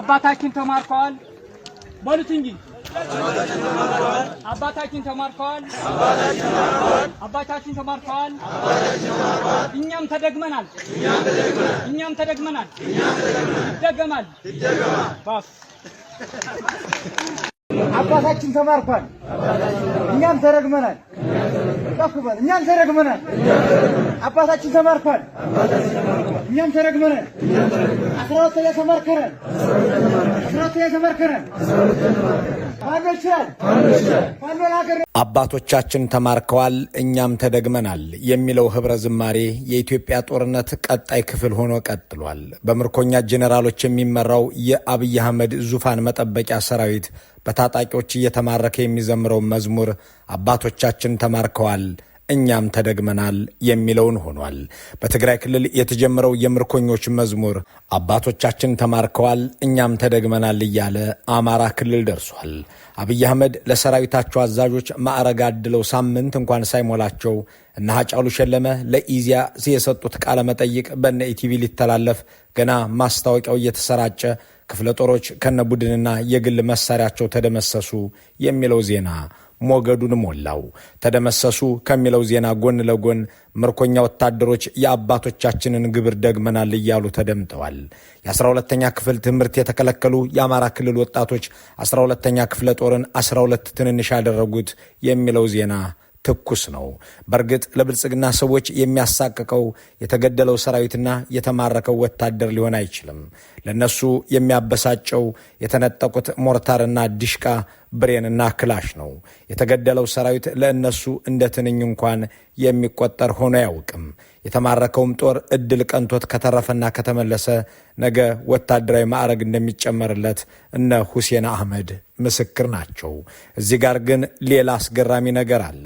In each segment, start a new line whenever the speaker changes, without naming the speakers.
አባታችን ተማርከዋል በሉት እንጂ
አባታችን ተማርከዋል፣ አባታችን ተማርከዋል።
እኛም ተደግመናል፣ እኛም ተደግመናል። ይደገማል። አባታችን ተማርኳል፣ እኛም ተረግመናል። ከፍ እኛም ተረግመናል። አባታችን ተማርኳል፣ እኛም ተረግመናል። አስራ ሁለተኛ ተማርከናል፣ አስራ ሁለተኛ ተማርከናል። ፋኖ
አባቶቻችን ተማርከዋል እኛም ተደግመናል የሚለው ህብረ ዝማሬ የኢትዮጵያ ጦርነት ቀጣይ ክፍል ሆኖ ቀጥሏል። በምርኮኛ ጄኔራሎች የሚመራው የአብይ አህመድ ዙፋን መጠበቂያ ሰራዊት በታጣቂዎች እየተማረከ የሚዘምረው መዝሙር አባቶቻችን ተማርከዋል እኛም ተደግመናል የሚለውን ሆኗል። በትግራይ ክልል የተጀመረው የምርኮኞች መዝሙር አባቶቻችን ተማርከዋል እኛም ተደግመናል እያለ አማራ ክልል ደርሷል። አብይ አህመድ ለሰራዊታቸው አዛዦች ማዕረግ አድለው ሳምንት እንኳን ሳይሞላቸው እነ ሀጫሉ ሸለመ ለኢዚያ የሰጡት ቃለ መጠይቅ በነ ኢቲቪ ሊተላለፍ ገና ማስታወቂያው እየተሰራጨ ክፍለ ጦሮች ከነ ቡድንና የግል መሳሪያቸው ተደመሰሱ የሚለው ዜና ሞገዱን ሞላው። ተደመሰሱ ከሚለው ዜና ጎን ለጎን ምርኮኛ ወታደሮች የአባቶቻችንን ግብር ደግመናል እያሉ ተደምጠዋል። የ12ተኛ ክፍል ትምህርት የተከለከሉ የአማራ ክልል ወጣቶች 12ተኛ ክፍለ ጦርን 12 ትንንሽ ያደረጉት የሚለው ዜና ትኩስ ነው። በእርግጥ ለብልጽግና ሰዎች የሚያሳቅቀው የተገደለው ሰራዊትና የተማረከው ወታደር ሊሆን አይችልም። ለነሱ የሚያበሳጨው የተነጠቁት ሞርታርና ዲሽቃ፣ ብሬንና ክላሽ ነው። የተገደለው ሰራዊት ለእነሱ እንደ ትንኝ እንኳን የሚቆጠር ሆኖ አያውቅም። የተማረከውም ጦር እድል ቀንቶት ከተረፈና ከተመለሰ ነገ ወታደራዊ ማዕረግ እንደሚጨመርለት እነ ሁሴን አህመድ ምስክር ናቸው። እዚህ ጋር ግን ሌላ አስገራሚ ነገር አለ።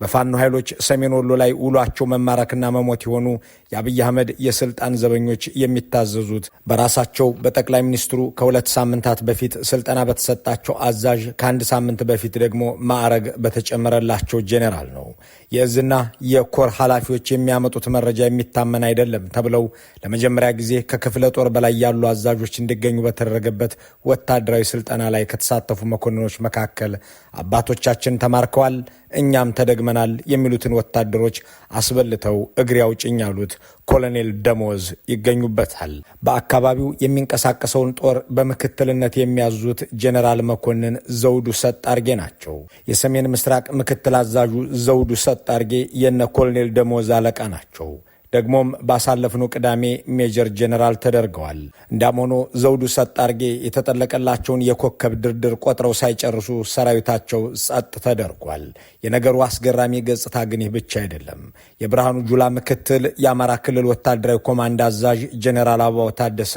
በፋኖ ኃይሎች ሰሜን ወሎ ላይ ውሏቸው መማረክና መሞት የሆኑ የአብይ አህመድ የስልጣን ዘበኞች የሚታዘዙት በራሳቸው በጠቅላይ ሚኒስትሩ ከሁለት ሳምንታት በፊት ስልጠና በተሰጣቸው አዛዥ፣ ከአንድ ሳምንት በፊት ደግሞ ማዕረግ በተጨመረላቸው ጄኔራል ነው። የእዝና የኮር ኃላፊዎች የሚያመጡት መረጃ የሚታመን አይደለም ተብለው ለመጀመሪያ ጊዜ ከክፍለ ጦር በላይ ያሉ አዛዦች እንዲገኙ በተደረገበት ወታደራዊ ስልጠና ላይ ከተሳተፉ መኮንኖች መካከል አባቶቻችን ተማርከዋል እኛም ተደግመናል የሚሉትን ወታደሮች አስበልተው እግሬ አውጭኝ ያሉት ኮሎኔል ደሞዝ ይገኙበታል። በአካባቢው የሚንቀሳቀሰውን ጦር በምክትልነት የሚያዙት ጄኔራል መኮንን ዘውዱ ሰጥ አርጌ ናቸው። የሰሜን ምስራቅ ምክትል አዛዡ ዘውዱ ሰጥ አርጌ የነ ኮሎኔል ደሞዝ አለቃ ናቸው። ደግሞም ባሳለፍነው ቅዳሜ ሜጀር ጄኔራል ተደርገዋል። እንዳም ሆኖ ዘውዱ ሰጣርጌ የተጠለቀላቸውን የኮከብ ድርድር ቆጥረው ሳይጨርሱ ሰራዊታቸው ጸጥ ተደርጓል። የነገሩ አስገራሚ ገጽታ ግን ይህ ብቻ አይደለም። የብርሃኑ ጁላ ምክትል የአማራ ክልል ወታደራዊ ኮማንድ አዛዥ ጄኔራል አበባው ታደሰ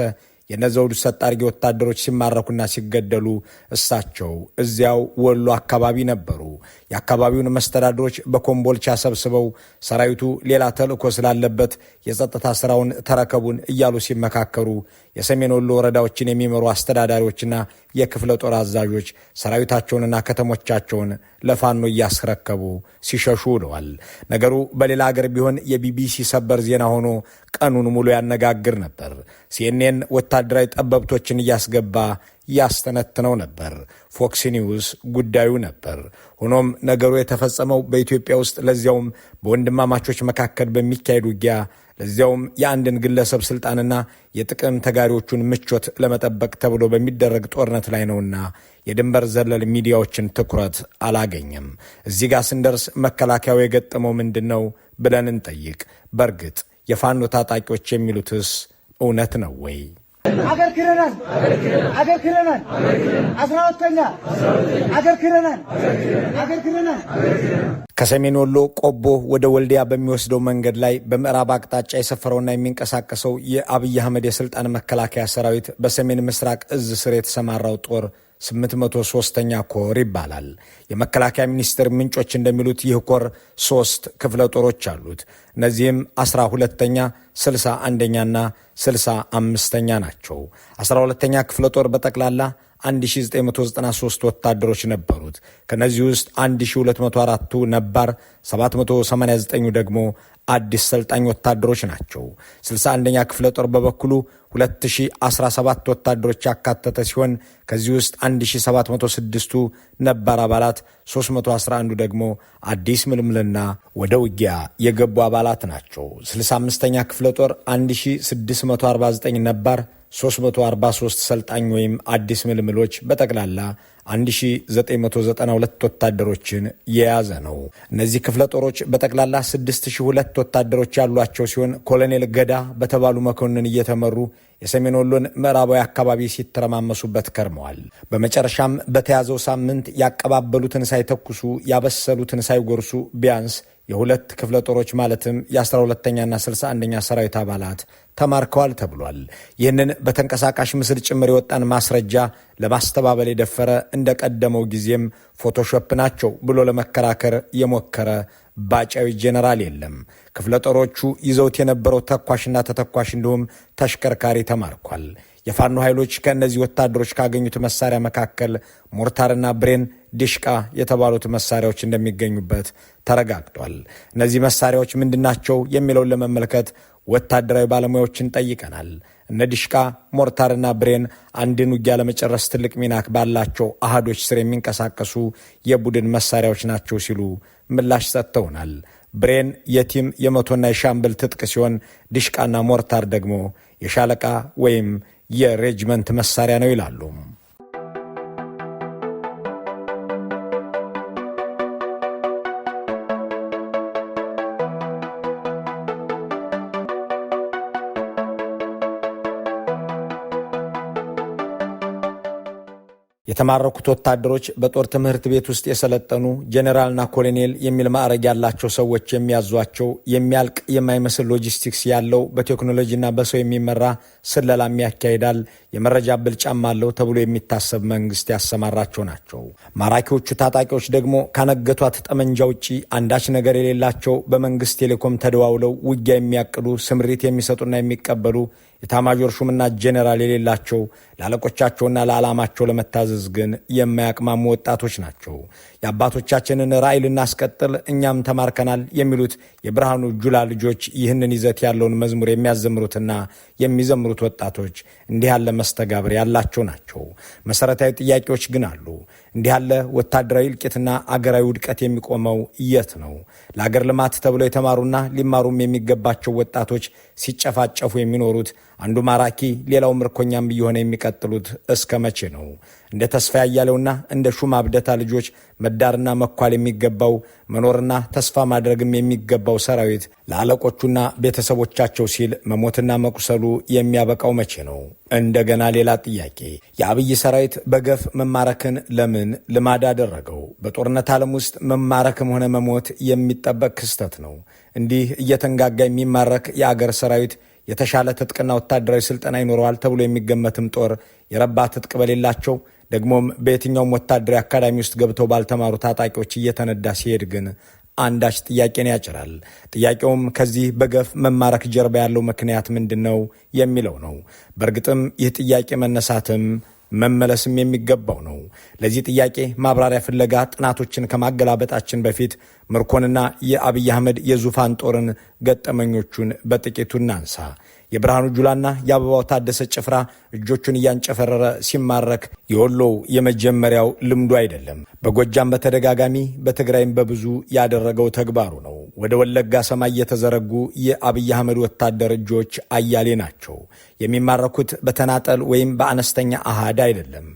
የነዘውዱ ሰጣርጌ ወታደሮች ሲማረኩና ሲገደሉ እሳቸው እዚያው ወሎ አካባቢ ነበሩ። የአካባቢውን መስተዳድሮች በኮምቦልቻ ሰብስበው ሰራዊቱ ሌላ ተልእኮ ስላለበት የጸጥታ ስራውን ተረከቡን እያሉ ሲመካከሩ የሰሜን ወሎ ወረዳዎችን የሚመሩ አስተዳዳሪዎችና የክፍለ ጦር አዛዦች ሰራዊታቸውንና ከተሞቻቸውን ለፋኖ እያስረከቡ ሲሸሹ ውለዋል። ነገሩ በሌላ አገር ቢሆን የቢቢሲ ሰበር ዜና ሆኖ ቀኑን ሙሉ ያነጋግር ነበር። ሲኤንኤን ወታደራዊ ጠበብቶችን እያስገባ ያስተነትነው ነበር። ፎክስ ኒውስ ጉዳዩ ነበር። ሆኖም ነገሩ የተፈጸመው በኢትዮጵያ ውስጥ ለዚያውም በወንድማማቾች መካከል በሚካሄድ ውጊያ ለዚያውም የአንድን ግለሰብ ስልጣንና የጥቅም ተጋሪዎቹን ምቾት ለመጠበቅ ተብሎ በሚደረግ ጦርነት ላይ ነውና የድንበር ዘለል ሚዲያዎችን ትኩረት አላገኘም። እዚህ ጋር ስንደርስ መከላከያው የገጠመው ምንድን ነው ብለን እንጠይቅ። በእርግጥ የፋኖ ታጣቂዎች የሚሉትስ እውነት ነው ወይ?
አገር ክረናል
አገር ክረናል
አስራ ሁለተኛ አገር ክረናል አገር ክረናል።
ከሰሜን ወሎ ቆቦ ወደ ወልዲያ በሚወስደው መንገድ ላይ በምዕራብ አቅጣጫ የሰፈረውና የሚንቀሳቀሰው የአብይ አህመድ የስልጣን መከላከያ ሰራዊት በሰሜን ምስራቅ እዝ ስር የተሰማራው ጦር 803ኛ ኮር ይባላል። የመከላከያ ሚኒስቴር ምንጮች እንደሚሉት ይህ ኮር ሶስት ክፍለ ጦሮች አሉት። እነዚህም 12ተኛ፣ 61ኛና 65ተኛ ናቸው። 12ተኛ ክፍለ ጦር በጠቅላላ 1993 ወታደሮች ነበሩት። ከነዚህ ውስጥ 1204ቱ ነባር፣ 789ኙ ደግሞ አዲስ ሰልጣኝ ወታደሮች ናቸው። 61ኛ ክፍለ ጦር በበኩሉ 2017 ወታደሮች ያካተተ ሲሆን ከዚህ ውስጥ 1706ቱ ነባር አባላት፣ 311ዱ ደግሞ አዲስ ምልምልና ወደ ውጊያ የገቡ አባላት ናቸው። 65ኛ ክፍለ ጦር 1649 ነባር 343 ሰልጣኝ ወይም አዲስ ምልምሎች በጠቅላላ 1992 ወታደሮችን የያዘ ነው። እነዚህ ክፍለ ጦሮች በጠቅላላ 6002 ወታደሮች ያሏቸው ሲሆን ኮሎኔል ገዳ በተባሉ መኮንን እየተመሩ የሰሜን ወሎን ምዕራባዊ አካባቢ ሲተረማመሱበት ከርመዋል። በመጨረሻም በተያዘው ሳምንት ያቀባበሉትን ሳይተኩሱ ያበሰሉትን ሳይጎርሱ ቢያንስ የሁለት ክፍለ ጦሮች ማለትም የ12ተኛና 61ኛ ሰራዊት አባላት ተማርከዋል ተብሏል። ይህንን በተንቀሳቃሽ ምስል ጭምር የወጣን ማስረጃ ለማስተባበል የደፈረ እንደ ቀደመው ጊዜም ፎቶሾፕ ናቸው ብሎ ለመከራከር የሞከረ ባጫዊ ጄኔራል የለም። ክፍለ ጦሮቹ ይዘውት የነበረው ተኳሽና ተተኳሽ እንዲሁም ተሽከርካሪ ተማርኳል። የፋኖ ኃይሎች ከእነዚህ ወታደሮች ካገኙት መሳሪያ መካከል ሞርታርና ብሬን ዲሽቃ የተባሉት መሳሪያዎች እንደሚገኙበት ተረጋግጧል። እነዚህ መሳሪያዎች ምንድናቸው የሚለውን ለመመልከት ወታደራዊ ባለሙያዎችን ጠይቀናል። እነ ዲሽቃ ሞርታርና ብሬን አንድን ውጊያ ለመጨረስ ትልቅ ሚናክ ባላቸው አህዶች ስር የሚንቀሳቀሱ የቡድን መሳሪያዎች ናቸው ሲሉ ምላሽ ሰጥተውናል። ብሬን የቲም የመቶና የሻምብል ትጥቅ ሲሆን ዲሽቃና ሞርታር ደግሞ የሻለቃ ወይም የሬጅመንት መሳሪያ ነው ይላሉ። የተማረኩት ወታደሮች በጦር ትምህርት ቤት ውስጥ የሰለጠኑ ጄኔራልና ኮሎኔል የሚል ማዕረግ ያላቸው ሰዎች የሚያዟቸው የሚያልቅ የማይመስል ሎጂስቲክስ ያለው በቴክኖሎጂና በሰው የሚመራ ስለላም ያካሂዳል፣ የመረጃ ብልጫም አለው ተብሎ የሚታሰብ መንግስት ያሰማራቸው ናቸው። ማራኪዎቹ ታጣቂዎች ደግሞ ካነገቷት ጠመንጃ ውጪ አንዳች ነገር የሌላቸው በመንግስት ቴሌኮም ተደዋውለው ውጊያ የሚያቅዱ ስምሪት የሚሰጡና የሚቀበሉ የታማዦር ሹምና ጄኔራል የሌላቸው ለአለቆቻቸውና ለዓላማቸው ለመታዘዝ ግን የማያቅማሙ ወጣቶች ናቸው። የአባቶቻችንን ራእይ ልናስቀጥል እኛም ተማርከናል የሚሉት የብርሃኑ ጁላ ልጆች ይህንን ይዘት ያለውን መዝሙር የሚያዘምሩትና የሚዘምሩት ወጣቶች እንዲህ ያለ መስተጋብር ያላቸው ናቸው። መሰረታዊ ጥያቄዎች ግን አሉ። እንዲህ ያለ ወታደራዊ እልቂትና አገራዊ ውድቀት የሚቆመው የት ነው? ለአገር ልማት ተብሎ የተማሩና ሊማሩም የሚገባቸው ወጣቶች ሲጨፋጨፉ የሚኖሩት አንዱ ማራኪ ሌላው ምርኮኛም እየሆነ የሚቀጥሉት እስከ መቼ ነው? እንደ ተስፋ ያያለውና እንደ ሹም አብደታ ልጆች መዳርና መኳል የሚገባው መኖርና ተስፋ ማድረግም የሚገባው ሰራዊት ለአለቆቹና ቤተሰቦቻቸው ሲል መሞትና መቁሰሉ የሚያበቃው መቼ ነው? እንደገና ሌላ ጥያቄ። የአብይ ሰራዊት በገፍ መማረክን ለምን ልማድ አደረገው? በጦርነት ዓለም ውስጥ መማረክም ሆነ መሞት የሚጠበቅ ክስተት ነው። እንዲህ እየተንጋጋ የሚማረክ የአገር ሰራዊት የተሻለ ትጥቅና ወታደራዊ ስልጠና ይኖረዋል ተብሎ የሚገመትም ጦር የረባ ትጥቅ በሌላቸው ደግሞም በየትኛውም ወታደራዊ አካዳሚ ውስጥ ገብተው ባልተማሩ ታጣቂዎች እየተነዳ ሲሄድ ግን አንዳች ጥያቄን ያጭራል። ጥያቄውም ከዚህ በገፍ መማረክ ጀርባ ያለው ምክንያት ምንድን ነው የሚለው ነው። በእርግጥም ይህ ጥያቄ መነሳትም መመለስም የሚገባው ነው። ለዚህ ጥያቄ ማብራሪያ ፍለጋ ጥናቶችን ከማገላበጣችን በፊት ምርኮንና የአብይ አህመድ የዙፋን ጦርን ገጠመኞቹን በጥቂቱ እናንሳ። የብርሃኑ ጁላና የአበባው ታደሰ ጭፍራ እጆቹን እያንጨፈረረ ሲማረክ የወሎው የመጀመሪያው ልምዱ አይደለም። በጎጃም በተደጋጋሚ በትግራይም በብዙ ያደረገው ተግባሩ ነው። ወደ ወለጋ ሰማይ የተዘረጉ የአብይ አህመድ ወታደር እጆች አያሌ ናቸው። የሚማረኩት በተናጠል ወይም በአነስተኛ አሃድ አይደለም።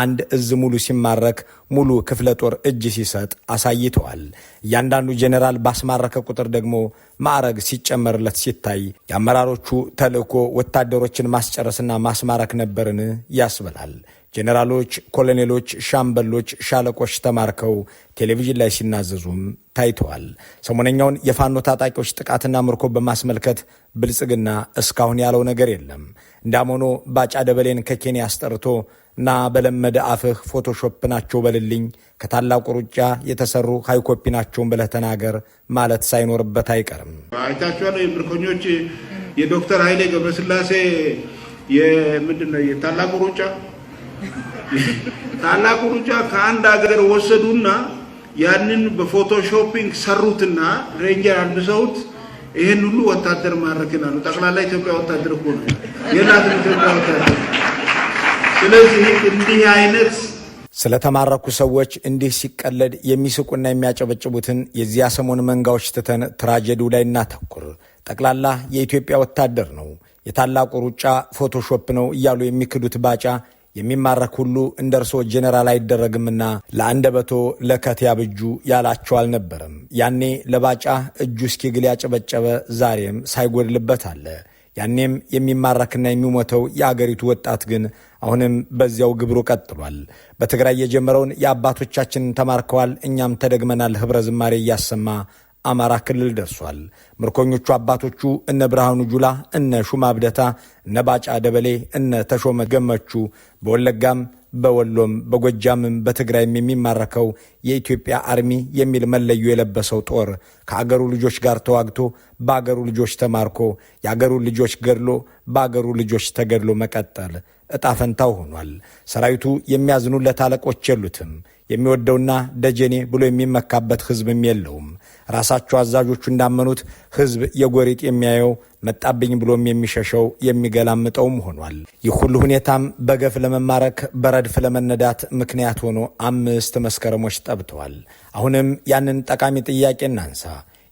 አንድ እዝ ሙሉ ሲማረክ ሙሉ ክፍለ ጦር እጅ ሲሰጥ አሳይተዋል። እያንዳንዱ ጄኔራል ባስማረከ ቁጥር ደግሞ ማዕረግ ሲጨመርለት ሲታይ የአመራሮቹ ተልእኮ ወታደሮችን ማስጨረስና ማስማረክ ነበርን ያስብላል። ጄኔራሎች፣ ኮሎኔሎች፣ ሻምበሎች፣ ሻለቆች ተማርከው ቴሌቪዥን ላይ ሲናዘዙም ታይተዋል። ሰሞነኛውን የፋኖ ታጣቂዎች ጥቃትና ምርኮ በማስመልከት ብልጽግና እስካሁን ያለው ነገር የለም። እንዳም ሆኖ ባጫ ደበሌን ከኬንያ አስጠርቶ ና በለመደ አፍህ ፎቶሾፕ ናቸው በልልኝ፣ ከታላቁ ሩጫ የተሰሩ ሃይኮፒ ናቸውን ብለህ ተናገር ማለት ሳይኖርበት አይቀርም።
አይታችኋል። የምርኮኞች የዶክተር ኃይሌ ገብረስላሴ የምንድን ነው የታላቁ ሩጫ ታላቁ ሩጫ ከአንድ ሀገር ወሰዱና ያንን በፎቶሾፒንግ ሰሩትና ሬንጀር አልብሰውት ይህን ሁሉ ወታደር ማድረግን አሉ። ጠቅላላ ኢትዮጵያ ወታደር እኮ ነው የላትም ኢትዮጵያ ወታደር ስለዚህ እንዲህ አይነት
ስለተማረኩ ሰዎች እንዲህ ሲቀለድ የሚስቁና የሚያጨበጭቡትን የዚያ ሰሞን መንጋዎች ትተን ትራጀዲው ላይ እናተኩር። ጠቅላላ የኢትዮጵያ ወታደር ነው፣ የታላቁ ሩጫ ፎቶሾፕ ነው እያሉ የሚክዱት ባጫ የሚማረክ ሁሉ እንደ እርስዎ ጄኔራል አይደረግምና ለአንደበቶ ለከት ያብጁ ያላቸው አልነበረም። ያኔ ለባጫ እጁ እስኪግል ያጨበጨበ ዛሬም ሳይጎድልበት አለ። ያኔም የሚማረክና የሚሞተው የአገሪቱ ወጣት ግን አሁንም በዚያው ግብሩ ቀጥሏል። በትግራይ የጀመረውን የአባቶቻችንን ተማርከዋል እኛም ተደግመናል ኅብረ ዝማሬ እያሰማ አማራ ክልል ደርሷል። ምርኮኞቹ አባቶቹ እነ ብርሃኑ ጁላ፣ እነ ሹማ ብደታ፣ እነ ባጫ ደበሌ፣ እነ ተሾመ ገመቹ በወለጋም በወሎም በጎጃምም በትግራይም የሚማረከው የኢትዮጵያ አርሚ የሚል መለዮ የለበሰው ጦር ከአገሩ ልጆች ጋር ተዋግቶ በአገሩ ልጆች ተማርኮ የአገሩ ልጆች ገድሎ በአገሩ ልጆች ተገድሎ መቀጠል ዕጣ ፈንታው ሆኗል። ሰራዊቱ የሚያዝኑለት አለቆች የሉትም። የሚወደውና ደጀኔ ብሎ የሚመካበት ሕዝብም የለውም። ራሳቸው አዛዦቹ እንዳመኑት ሕዝብ የጎሪጥ የሚያየው መጣብኝ ብሎም የሚሸሸው የሚገላምጠውም ሆኗል። ይህ ሁሉ ሁኔታም በገፍ ለመማረክ በረድፍ ለመነዳት ምክንያት ሆኖ አምስት መስከረሞች ጠብተዋል። አሁንም ያንን ጠቃሚ ጥያቄ እናንሳ።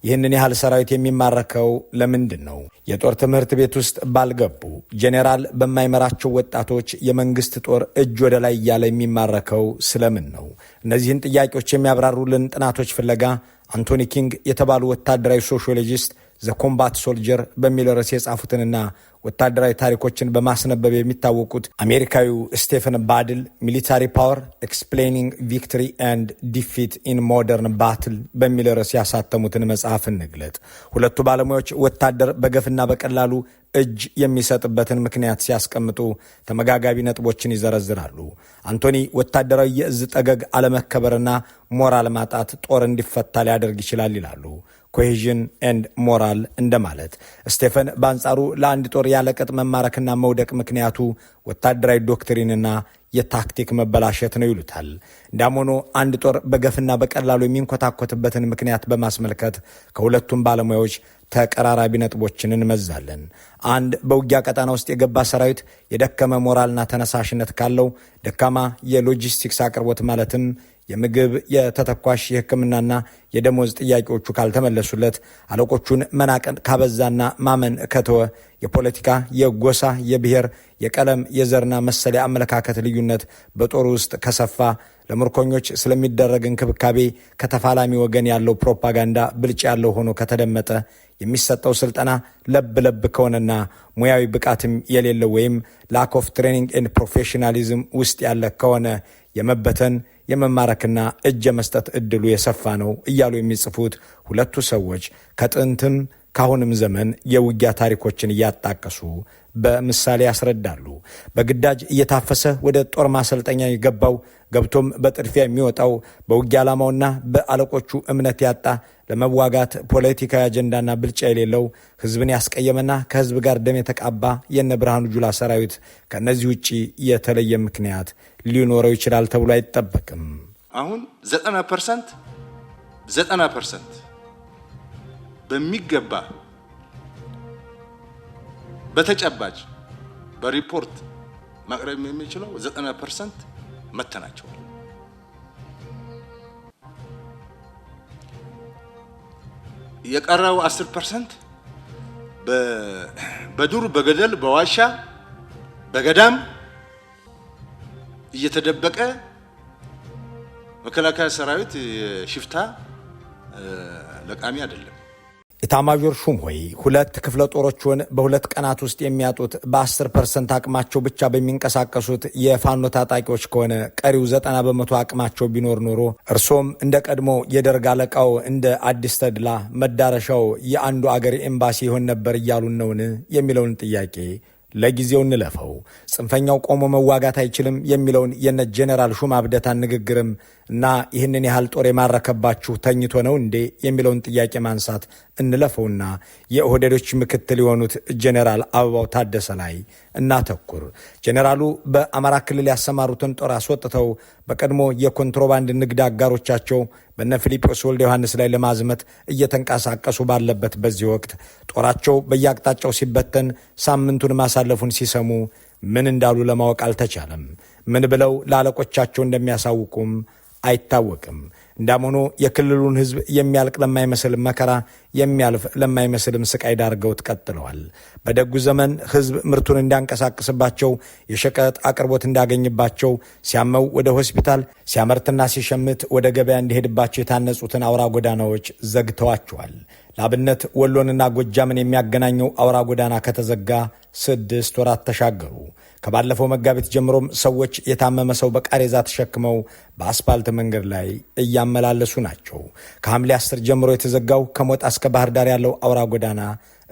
ይህንን ያህል ሰራዊት የሚማረከው ለምንድን ነው? የጦር ትምህርት ቤት ውስጥ ባልገቡ ጄኔራል በማይመራቸው ወጣቶች የመንግስት ጦር እጅ ወደ ላይ እያለ የሚማረከው ስለምን ነው? እነዚህን ጥያቄዎች የሚያብራሩልን ጥናቶች ፍለጋ አንቶኒ ኪንግ የተባሉ ወታደራዊ ሶሽዮሎጂስት ዘኮምባት ሶልጀር በሚል ርዕስ የጻፉትንና ወታደራዊ ታሪኮችን በማስነበብ የሚታወቁት አሜሪካዊው ስቴፈን ባድል ሚሊታሪ ፓወር ኤክስፕሌኒንግ ቪክትሪ ኤንድ ዲፊት ኢን ሞደርን ባትል በሚል ርዕስ ያሳተሙትን መጽሐፍ እንግለጥ። ሁለቱ ባለሙያዎች ወታደር በገፍና በቀላሉ እጅ የሚሰጥበትን ምክንያት ሲያስቀምጡ ተመጋጋቢ ነጥቦችን ይዘረዝራሉ። አንቶኒ ወታደራዊ የእዝ ጠገግ አለመከበርና ሞራል ማጣት ጦር እንዲፈታ ሊያደርግ ይችላል ይላሉ። ኮሄዥን ኤንድ ሞራል እንደማለት። ስቴፈን በአንጻሩ ለአንድ ጦር ያለቅጥ መማረክና መውደቅ ምክንያቱ ወታደራዊ ዶክትሪንና የታክቲክ መበላሸት ነው ይሉታል። እንዳም ሆኖ አንድ ጦር በገፍና በቀላሉ የሚንኮታኮትበትን ምክንያት በማስመልከት ከሁለቱም ባለሙያዎች ተቀራራቢ ነጥቦችን እንመዛለን። አንድ በውጊያ ቀጠና ውስጥ የገባ ሰራዊት የደከመ ሞራልና ተነሳሽነት ካለው ደካማ የሎጂስቲክስ አቅርቦት ማለትም የምግብ፣ የተተኳሽ፣ የሕክምናና የደሞዝ ጥያቄዎቹ ካልተመለሱለት አለቆቹን መናቅን ካበዛና ማመን ከተወ የፖለቲካ፣ የጎሳ፣ የብሔር፣ የቀለም፣ የዘርና መሰል የአመለካከት ልዩነት በጦር ውስጥ ከሰፋ ለምርኮኞች ስለሚደረግ እንክብካቤ ከተፋላሚ ወገን ያለው ፕሮፓጋንዳ ብልጭ ያለው ሆኖ ከተደመጠ የሚሰጠው ስልጠና ለብ ለብ ከሆነና ሙያዊ ብቃትም የሌለው ወይም ላክ ኦፍ ትሬኒንግ ኤንድ ፕሮፌሽናሊዝም ውስጥ ያለ ከሆነ የመበተን የመማረክና እጅ የመስጠት እድሉ የሰፋ ነው እያሉ የሚጽፉት ሁለቱ ሰዎች ከጥንትም ካሁንም ዘመን የውጊያ ታሪኮችን እያጣቀሱ በምሳሌ ያስረዳሉ። በግዳጅ እየታፈሰ ወደ ጦር ማሰልጠኛ የገባው ገብቶም በጥድፊያ የሚወጣው በውጊ ዓላማውና በአለቆቹ እምነት ያጣ ለመዋጋት ፖለቲካዊ አጀንዳና ብልጫ የሌለው ሕዝብን ያስቀየመና ከሕዝብ ጋር ደም የተቃባ የነ ብርሃኑ ጁላ ሰራዊት ከእነዚህ ውጭ የተለየ ምክንያት ሊኖረው ይችላል ተብሎ አይጠበቅም።
አሁን ዘጠና ፐርሰንት ዘጠና ፐርሰንት በሚገባ በተጨባጭ በሪፖርት ማቅረብ የሚችለው 90 ፐርሰንት መተናቸዋል። የቀረው 10 ፐርሰንት በዱር በገደል በዋሻ በገዳም እየተደበቀ መከላከያ ሰራዊት ሽፍታ ለቃሚ አይደለም።
ኢታማዦር ሹም ሆይ ሁለት ክፍለ ጦሮችን በሁለት ቀናት ውስጥ የሚያጡት በ10 ፐርሰንት አቅማቸው ብቻ በሚንቀሳቀሱት የፋኖ ታጣቂዎች ከሆነ ቀሪው ዘጠና በመቶ አቅማቸው ቢኖር ኖሮ እርሶም እንደ ቀድሞ የደርግ አለቃው እንደ አዲስ ተድላ መዳረሻው የአንዱ አገር ኤምባሲ ይሆን ነበር እያሉን ነውን? የሚለውን ጥያቄ ለጊዜው እንለፈው፣ ጽንፈኛው ቆሞ መዋጋት አይችልም የሚለውን የነ ጄኔራል ሹማ ብደታን ንግግርም እና ይህንን ያህል ጦር የማረከባችሁ ተኝቶ ነው እንዴ የሚለውን ጥያቄ ማንሳት እንለፈውና የኦህዴዶች ምክትል የሆኑት ጄኔራል አበባው ታደሰ ላይ እናተኩር። ጄኔራሉ በአማራ ክልል ያሰማሩትን ጦር አስወጥተው በቀድሞ የኮንትሮባንድ ንግድ አጋሮቻቸው በነ ፊልጶስ ወልደ ዮሐንስ ላይ ለማዝመት እየተንቀሳቀሱ ባለበት በዚህ ወቅት ጦራቸው በየአቅጣጫው ሲበተን ሳምንቱን ማሳለፉን ሲሰሙ ምን እንዳሉ ለማወቅ አልተቻለም። ምን ብለው ለአለቆቻቸው እንደሚያሳውቁም አይታወቅም። እንዳመሆኑ የክልሉን ህዝብ የሚያልቅ ለማይመስል መከራ የሚያልፍ ለማይመስልም ስቃይ ዳርገውት ቀጥለዋል። በደጉ ዘመን ህዝብ ምርቱን እንዲያንቀሳቅስባቸው፣ የሸቀጥ አቅርቦት እንዳገኝባቸው፣ ሲያመው ወደ ሆስፒታል፣ ሲያመርትና ሲሸምት ወደ ገበያ እንዲሄድባቸው የታነጹትን አውራ ጎዳናዎች ዘግተዋቸዋል። ለአብነት ወሎንና ጎጃምን የሚያገናኘው አውራ ጎዳና ከተዘጋ ስድስት ወራት ተሻገሩ። ከባለፈው መጋቢት ጀምሮም ሰዎች የታመመ ሰው በቃሬዛ ተሸክመው በአስፓልት መንገድ ላይ እያመላለሱ ናቸው። ከሐምሌ 10 ጀምሮ የተዘጋው ከሞጣ እስከ ባህር ዳር ያለው አውራ ጎዳና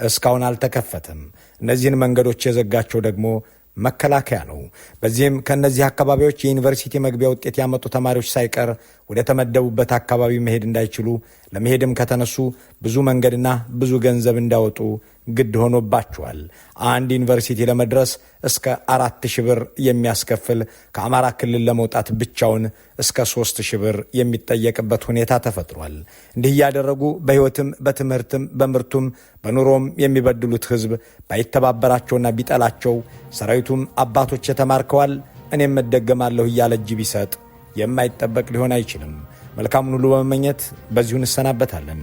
እስካሁን አልተከፈተም። እነዚህን መንገዶች የዘጋቸው ደግሞ መከላከያ ነው። በዚህም ከእነዚህ አካባቢዎች የዩኒቨርሲቲ መግቢያ ውጤት ያመጡ ተማሪዎች ሳይቀር ወደ ተመደቡበት አካባቢ መሄድ እንዳይችሉ ለመሄድም ከተነሱ ብዙ መንገድና ብዙ ገንዘብ እንዳወጡ ግድ ሆኖባቸዋል። አንድ ዩኒቨርሲቲ ለመድረስ እስከ አራት ሺህ ብር የሚያስከፍል ከአማራ ክልል ለመውጣት ብቻውን እስከ ሶስት ሺህ ብር የሚጠየቅበት ሁኔታ ተፈጥሯል። እንዲህ እያደረጉ በሕይወትም በትምህርትም በምርቱም በኑሮም የሚበድሉት ሕዝብ ባይተባበራቸውና ቢጠላቸው ሰራዊቱም አባቶች ተማርከዋል እኔም መደገማለሁ እያለ እጅ ቢሰጥ የማይጠበቅ ሊሆን አይችልም። መልካሙን ሁሉ በመመኘት በዚሁ እንሰናበታለን።